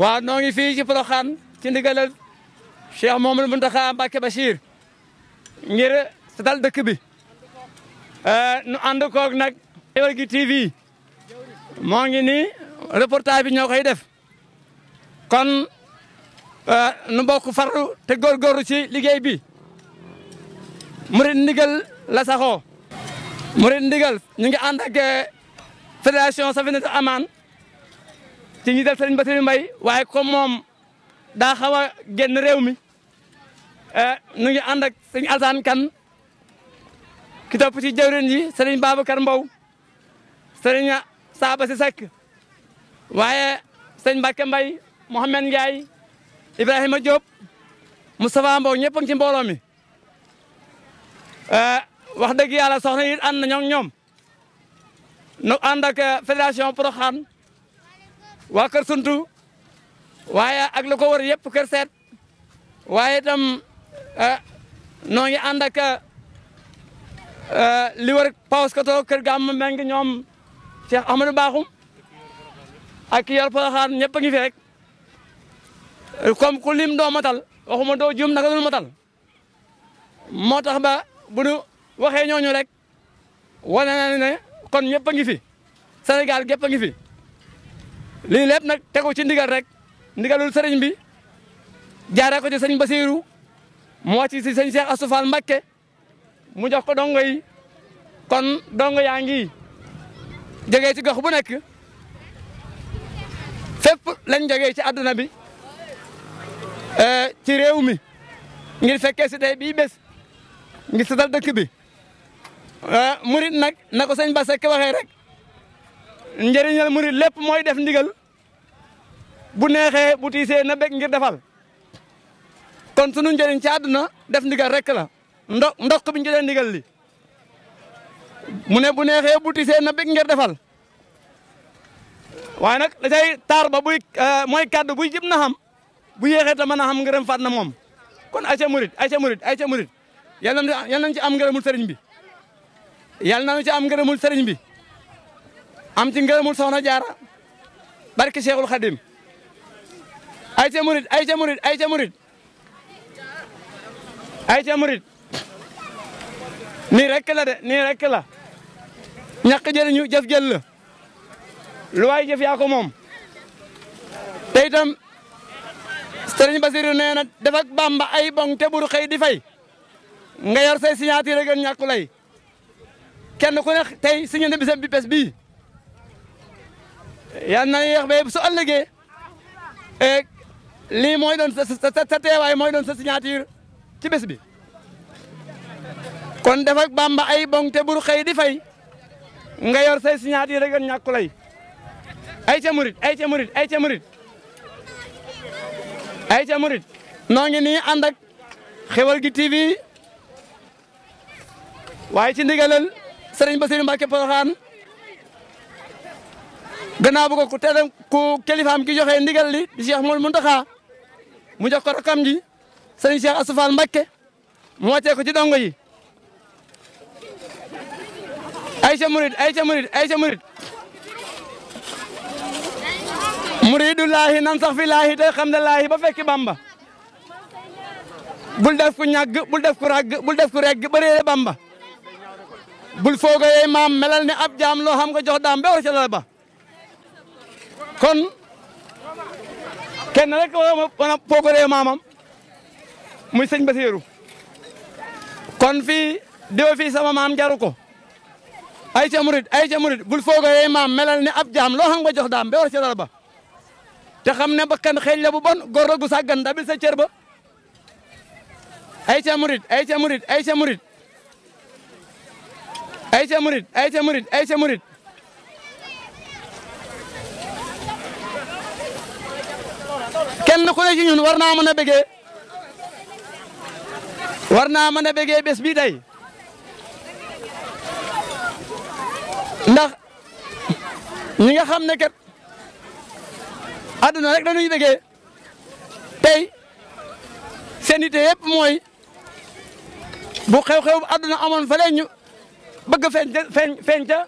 waaw noo ngi fii ci xan ci ndigalal Cheikh Mouhamadou Mountakha Mbacké Bachir ngir setal dëkk bi eh, nu ànd koog nag Xeweul gi TV moo ngi nii reportage bi ñoo koy def kon eh, nu bokk farlu te góorgóorlu ci liggéey bi murid ndigal la saxoo murid ndigal ñu ngi ànd ak eh, fédération Safinatul Aman ci ñi dal Serigne Bassirou Mbaye waaye comme moom daa xaw a génn mi eh, nu ngi ànd ak Serigne Alassane ki topp ci jawrin ji Serigne Babacar Mbow Serigne Saba si Seck waaye Serigne Mbacke Mbaye Mouhamed Ndiaye Ibrahima Diop Moustapha Mbow ñëpp a ci mbooloo mi eh, wax dëgg yàlla soxna yi ànd ñoom ñoom nu ànd ak fédération waa kër suntu waaye ak la ko war yëpp kër seet waaye itam eh, noo ngi eh, li ak li war pawaskato kër gàmm meng ñoom Cheikh Ahmadou Bakhoum ak yor Porokhane ñëpp a ngi fi rek comme ku lim doo matal waxuma doo jum naka dul matal moo tax ba bu nu waxee ñooñu rek wane na ne kon ñëpp a ngi fi senegal gépp a ngi fi lii nak nag tegu ci ndigal rek ndigalul serigne bi jaara ko ci serigne basirou mo ci ci serigne Cheikh Astou Fall Mbacké mu jox ko dongo yi kon dongo yaangi jege ci gox bu nek fépp lañ jege ci aduna bi eh, ci réew mi ngir fekke ci day bi bes eh, ngi sadal dekk bi murit mourid nak nako serigne basse ke waxe rek njëriñal murit lepp moy def ndigal bu neexee bu tiisee na bég ngir defal kon sunu njëriñ ci àdduna def ndigal rek la ndo ndox bi ñu jëlee ndigal li mu ne bu neexee bu tiisee na bég ngir defal waaye nag da cay taar ba buy euh, mooy kàddu buy jib na xam bu yéexee te mën a xam ngërëm faat na moom kon ayca murit ayca murit ayca murit yal nañu ci am ngërëmul seriñ bi yal nañu ci am ngërëmul sëriñ bi am ci ngërëmul soxna jaara barke Cheikhul Khadim ayca murit ayca murit ayca murit ayca murit nii rek la de nii rek la ñàkk jëriñu jëf jël la lu waay jëf yaa ko moom te itam sëriñ Basiru nee na def ak Bàmba ay bong te buru xëy di fay nga yor say signature gën ñàkku kenn ku ne tey signé na bisam bi bés bii na yeex ba su ëllëgee eh, lii mooy doon sa sa sa teewaay sa signature ci bés bi kon def ak Bamba ay bong te bur xey di fay nga yor say signature rek yoon lay ay ca murit ay ca murit ay ca murit ay ca murit no ngi ni and ak xewal gi TV way ci ndigalal Serigne Bassirou mbake Porokhane gëna bu ko ku teel ku kilifaam ki joxe ndigal li Cheikh Moul Mountakha mu jox ko rakam ji sëriñ Cheikh Astou Fall Mbacké mu wàccee ko ci dongo yi ayca murid ayca murid ayca murid muridu laahi nan sax fi laahi tey xam ne laahi ba fekki bamba bul def ku ñàgg bul def ku ràgg bul def bamba bul fooga yey maam melal ne ab jaam loo xam nga jox daam bewar ca lala ba kon kenn rek wana foogoree maamam muy sëñ Basiiru kon fii diwa fii sama maam jaru ko ay ca murit ay ca murit bul foogoree maam melal ne ab jaam loo xam nga jox daam ba war ca dara ba te xam ne bakkan xëy la bu bon góor la gu sàggan dabil sa cër ba ay ca murit ay ca murit ay ca murit ay ca murit kenn ku ne ñun war naa mën a bëggee war naa mën a bëggee bés bii tey ndax ñi nga xam ne kat àdduna rek dañuy bëggee tey seen ité yëpp mooy bu xew-xew àdduna amoon fa ñu bëgg feeñ feeñ feeñ ca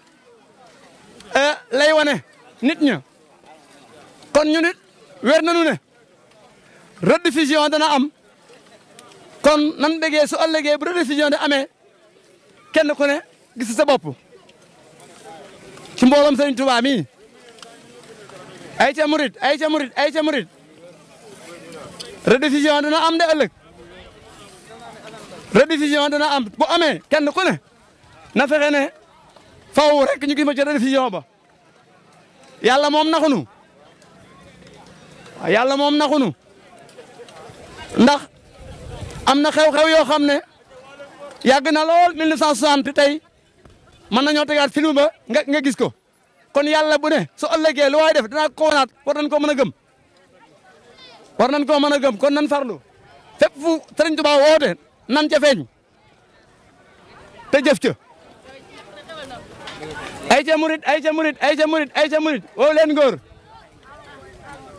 eh, lay wane nit ña kon ñu nit weer nañu ne rediffusion dana am kon nan bëggee su ëllëgee bu rediffusion di amee kenn ku ne gis sa bopp ci mbooloom Sëriñ Tuubaa mi ay ca murit ay ca murit ay ca murit rediffusion dana am de ëllëg rediffusion dana am bu amee kenn ku ne na fexe ne faw rek ñu gis ma ci rediffusion ba yàlla moom naxunu yàlla moom naxunu ndax amna xew-xew yo xamne yag na lol 1960 tay man nañu tegaat film ba nga nga gis ko kon yalla bu ne su ëllëgee lu way def dana ko wonat war nañ ko mëna gëm war nañ ko mëna gëm kon nan farlu fep fu serigne touba wote nan ca feñ te jëf ca ay ca mourid ay ca mourid ay ca mourid ay ca mourid wo len góor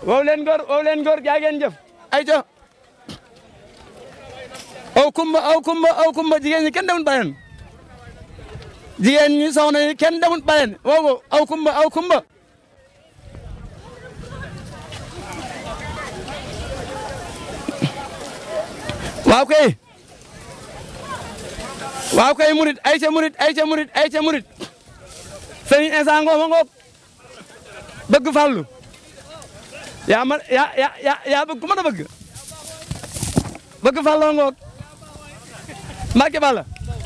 wo len góor wo len góor jaa jëf ay ca aw kumba aw kumba aw kumba jigéen ñi kenn demul baleen jigéen ñi soxna yi kenn demul baleen woogo aw kumba aw kumba waaw kay waaw kay murit ay murit ay murit ay murit sëriñ instant ngoo ma ngoog bëgg fàllu yaa ma yaa yaa yaa bëgg ku ma da bëgg bëgg fàlloo ngoog Mbacké Balla